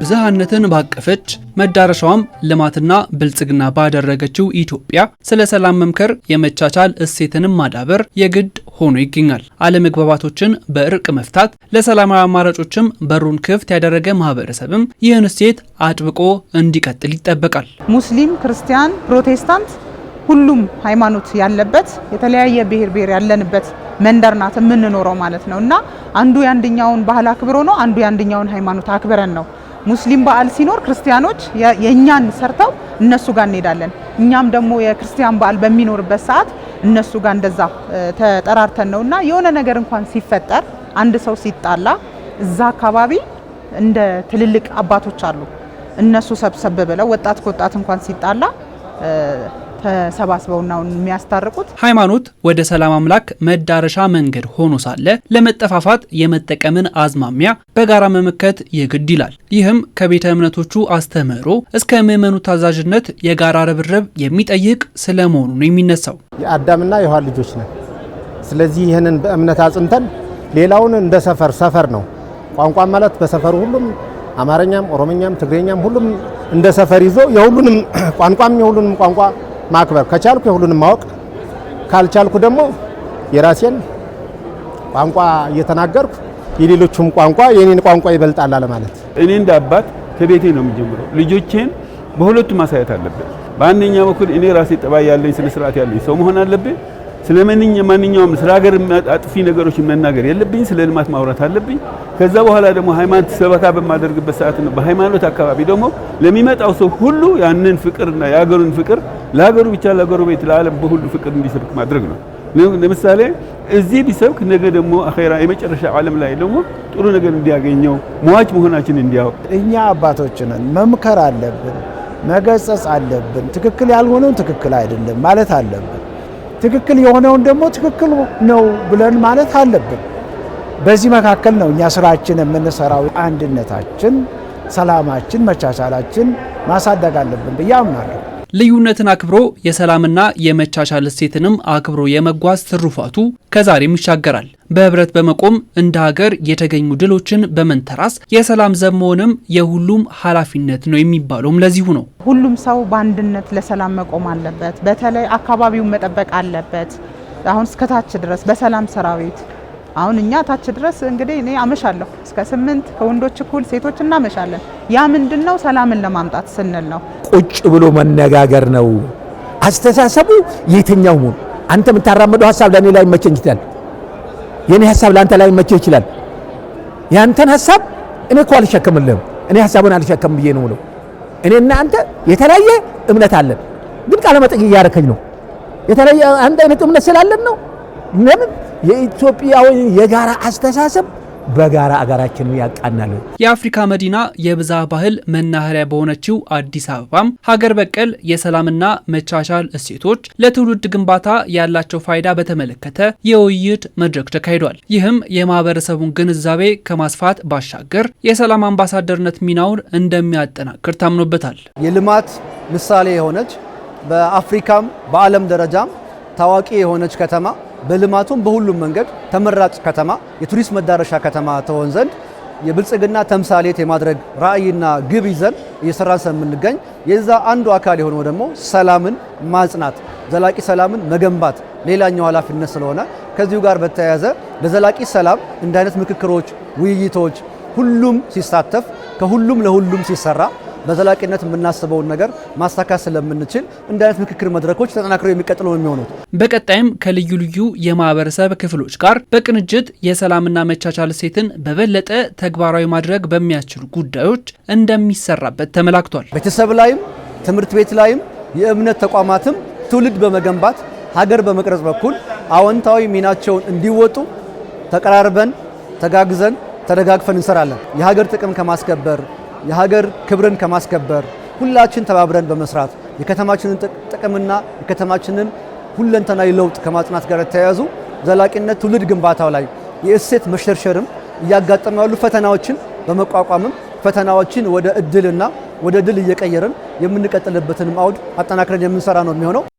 ብዝሃነትን ባቀፈች መዳረሻዋም ልማትና ብልጽግና ባደረገችው ኢትዮጵያ ስለ ሰላም መምከር፣ የመቻቻል እሴትንም ማዳበር የግድ ሆኖ ይገኛል። አለመግባባቶችን በእርቅ መፍታት፣ ለሰላማዊ አማራጮችም በሩን ክፍት ያደረገ ማህበረሰብም ይህን እሴት አጥብቆ እንዲቀጥል ይጠበቃል። ሙስሊም፣ ክርስቲያን፣ ፕሮቴስታንት ሁሉም ሃይማኖት ያለበት የተለያየ ብሔር ብሔር ያለንበት መንደር ናት የምንኖረው ማለት ነው እና አንዱ የአንደኛውን ባህል አክብሮ ነው፣ አንዱ የአንደኛውን ሃይማኖት አክብረን ነው። ሙስሊም በዓል ሲኖር ክርስቲያኖች የእኛን ሰርተው እነሱ ጋር እንሄዳለን። እኛም ደግሞ የክርስቲያን በዓል በሚኖርበት ሰዓት እነሱ ጋር እንደዛ ተጠራርተን ነው እና የሆነ ነገር እንኳን ሲፈጠር አንድ ሰው ሲጣላ እዛ አካባቢ እንደ ትልልቅ አባቶች አሉ። እነሱ ሰብሰብ ብለው ወጣት ከወጣት እንኳን ሲጣላ ተሰባስበው ነው የሚያስታርቁት። ሃይማኖት ወደ ሰላም አምላክ መዳረሻ መንገድ ሆኖ ሳለ ለመጠፋፋት የመጠቀምን አዝማሚያ በጋራ መመከት የግድ ይላል። ይህም ከቤተ እምነቶቹ አስተምህሮ እስከ ምዕመኑ ታዛዥነት የጋራ ርብርብ የሚጠይቅ ስለመሆኑ ነው የሚነሳው። የአዳምና የውሃ ልጆች ነን። ስለዚህ ይህንን በእምነት አጽንተን ሌላውን እንደ ሰፈር ሰፈር ነው ቋንቋ ማለት በሰፈሩ ሁሉም አማርኛም፣ ኦሮምኛም፣ ትግሬኛም ሁሉም እንደ ሰፈር ይዞ የሁሉንም ቋንቋም የሁሉንም ቋንቋ ማክበር ከቻልኩ የሁሉንም ማወቅ ካልቻልኩ ደግሞ የራሴን ቋንቋ እየተናገርኩ የሌሎቹም ቋንቋ የኔን ቋንቋ ይበልጣል አለ ማለት። እኔ እንደ አባት ከቤቴ ነው የምጀምረው። ልጆቼን በሁለቱ ማሳየት አለብን። በአንደኛ በኩል እኔ ራሴ ጠባይ ያለኝ ስነ ስርዓት ያለኝ ሰው መሆን አለብኝ። ስለ ማንኛውም ስለ ሀገር አጥፊ ነገሮችን መናገር የለብኝ። ስለ ልማት ማውራት አለብኝ። ከዛ በኋላ ደግሞ ሃይማኖት ሰበካ በማደርግበት ሰዓት ነው። በሃይማኖት አካባቢ ደግሞ ለሚመጣው ሰው ሁሉ ያንን ፍቅርና የሀገሩን ፍቅር ለሀገሩ ብቻ ለሀገሩ ቤት ለዓለም በሁሉ ፍቅር እንዲሰብክ ማድረግ ነው። ለምሳሌ እዚህ ቢሰብክ ነገ ደግሞ አኼራ የመጨረሻ ዓለም ላይ ደግሞ ጥሩ ነገር እንዲያገኘው መዋጭ መሆናችን እንዲያው እኛ አባቶችንን መምከር አለብን፣ መገሰጽ አለብን። ትክክል ያልሆነውን ትክክል አይደለም ማለት አለብን። ትክክል የሆነውን ደግሞ ትክክል ነው ብለን ማለት አለብን። በዚህ መካከል ነው እኛ ስራችን የምንሰራው። አንድነታችን፣ ሰላማችን፣ መቻቻላችን ማሳደግ አለብን ብዬ አምናለሁ። ልዩነትን አክብሮ የሰላምና የመቻቻል እሴትንም አክብሮ የመጓዝ ትሩፋቱ ከዛሬም ይሻገራል። በህብረት በመቆም እንደ ሀገር የተገኙ ድሎችን በመንተራስ የሰላም ዘብ መሆንም የሁሉም ኃላፊነት ነው የሚባለውም ለዚሁ ነው። ሁሉም ሰው በአንድነት ለሰላም መቆም አለበት። በተለይ አካባቢውን መጠበቅ አለበት። አሁን እስከታች ድረስ በሰላም ሰራዊት አሁን እኛ ታች ድረስ እንግዲህ እኔ አመሻለሁ እስከ ስምንት ከወንዶች እኩል ሴቶች እናመሻለን። ያ ምንድን ነው? ሰላምን ለማምጣት ስንል ነው። ቁጭ ብሎ መነጋገር ነው። አስተሳሰቡ የትኛው ሙሉ አንተ የምታራመደው ሀሳብ ለእኔ ላይ መቼ ይችላል። የእኔ ሀሳብ ለአንተ ላይ መቼ ይችላል። የአንተን ሀሳብ እኔ እኮ አልሸከምልህም። እኔ ሀሳቡን አልሸከም ብዬ ነው ነው እኔና አንተ የተለያየ እምነት አለን፣ ግን ቃለመጠቅ እያረከኝ ነው። የተለያየ አንድ አይነት እምነት ስላለን ነው ለምን የኢትዮጵያውን የጋራ አስተሳሰብ በጋራ አገራችን ያቃናሉ። የአፍሪካ መዲና የብዝሃ ባህል መናኸሪያ በሆነችው አዲስ አበባም ሀገር በቀል የሰላምና መቻቻል እሴቶች ለትውልድ ግንባታ ያላቸው ፋይዳ በተመለከተ የውይይት መድረክ ተካሂዷል። ይህም የማህበረሰቡን ግንዛቤ ከማስፋት ባሻገር የሰላም አምባሳደርነት ሚናውን እንደሚያጠናክር ታምኖበታል። የልማት ምሳሌ የሆነች በአፍሪካም በዓለም ደረጃም ታዋቂ የሆነች ከተማ በልማቱም በሁሉም መንገድ ተመራጭ ከተማ፣ የቱሪስት መዳረሻ ከተማ ተሆን ዘንድ የብልጽግና ተምሳሌት የማድረግ ራዕይና ግብ ይዘን እየሰራን ስለምንገኝ የዛ አንዱ አካል የሆነው ደግሞ ሰላምን ማጽናት፣ ዘላቂ ሰላምን መገንባት ሌላኛው ኃላፊነት ስለሆነ ከዚሁ ጋር በተያያዘ በዘላቂ ሰላም እንደ አይነት ምክክሮች፣ ውይይቶች ሁሉም ሲሳተፍ ከሁሉም ለሁሉም ሲሰራ በዘላቂነት የምናስበውን ነገር ማሳካት ስለምንችል እንደ አይነት ምክክር መድረኮች ተጠናክረው የሚቀጥሉ የሚሆኑት። በቀጣይም ከልዩ ልዩ የማህበረሰብ ክፍሎች ጋር በቅንጅት የሰላምና መቻቻል እሴትን በበለጠ ተግባራዊ ማድረግ በሚያስችሉ ጉዳዮች እንደሚሰራበት ተመላክቷል። ቤተሰብ ላይም ትምህርት ቤት ላይም የእምነት ተቋማትም ትውልድ በመገንባት ሀገር በመቅረጽ በኩል አዎንታዊ ሚናቸውን እንዲወጡ ተቀራርበን ተጋግዘን ተደጋግፈን እንሰራለን። የሀገር ጥቅም ከማስከበር የሀገር ክብርን ከማስከበር ሁላችን ተባብረን በመስራት የከተማችንን ጥቅምና የከተማችንን ሁለንተናዊ ለውጥ ከማጽናት ጋር የተያያዙ ዘላቂነት ትውልድ ግንባታው ላይ የእሴት መሸርሸርም እያጋጠሙ ያሉ ፈተናዎችን በመቋቋምም ፈተናዎችን ወደ እድልና ወደ ድል እየቀየርን የምንቀጥልበትንም አውድ አጠናክረን የምንሰራ ነው የሚሆነው።